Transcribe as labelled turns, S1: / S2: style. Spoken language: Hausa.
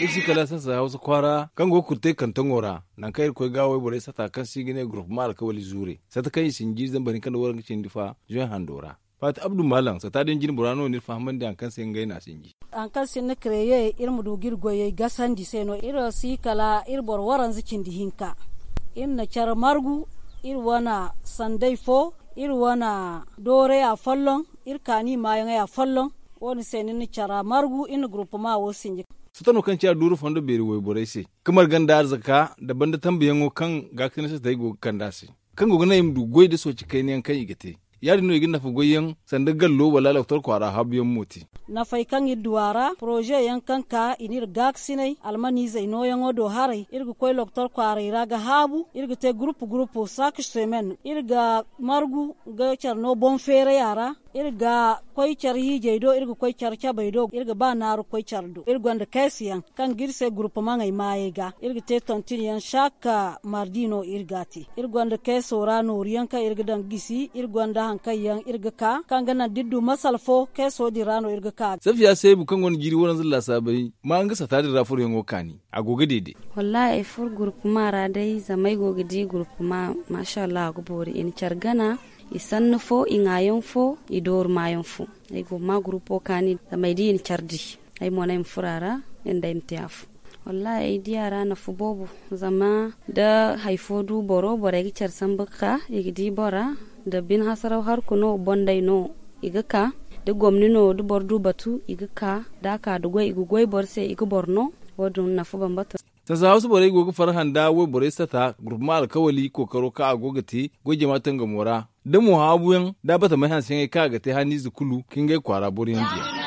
S1: isi kala sa hausa kwara kango kurte kantangora nan kai ko wai bore sata kan gine group mal wali zure sata kai ji zan bari kan waran cin difa join handora fat abdul malam sata den jin burano ne fahman da kan sen gaina sinji
S2: an kan sin na kreye ir mudu girgoye gasan di seno ir si kala ir bor waran zikin di hinka in na char margu ir wana sunday fo ir wana dore a fallon ir kani mayan a fallon woni seni ni cara margu ma wo
S1: kan ciyar duru fando beri woy se kamar ganda arzaka da banda tambayan wo kan ga kina sa tai go kan dasi kan go na imdu goy da so ci kai ne kan igete yari no igina fa goyen sanda gallo wala lalatar kwara biyan moti
S2: na fay kaŋ i duwara proje yaŋ kaŋ ka inir gak sinay almaniza ino yaŋo do haray irga koy loktor kwaray ra ga haabu irga te grupu grupu sak semen irga margu ga carno no bonfere yara irga koi car hije do irga koy car cabay do irga ba naru koy car du. irga wanda kaisi yan kan girse grupu mangay maye ga irga te tontin yan shaka mardino irgati irga wanda kaiso ra nori yan ka irga dan gisi irga wanda hankay yan irga ka kan ganan diddu masal fo kaiso di rano irga ka safiya
S1: sai bu kan wani giri wani zilla sabai ma an gasa tare da rafur yan woka ne a goga dede
S2: wallahi fur gurkuma ra dai zamai
S3: gogidi gurkuma masha Allah gubori in chargana isan nufo ingayon fo idor mayon fo Ai go ma grupo kani zamai di in chardi Ai mona yi furara en da im tiafu wallahi ai diyara na bobu zama da haifo du boro bora gi charsan bukka igi di bora da bin hasarau har kuno bondai no iga ka da gomnino da bor du batu iga ka da ka da gwai iga gwai bar sai iga borno wadun na fu bambato
S1: ta sa wasu bore gogo farhan da wai bore sata gurma alkawali kokaro ka agoga te goge matan gamora da mu habuyan da bata mai hansin ka ga te zukulu kin gai kwara burin jiya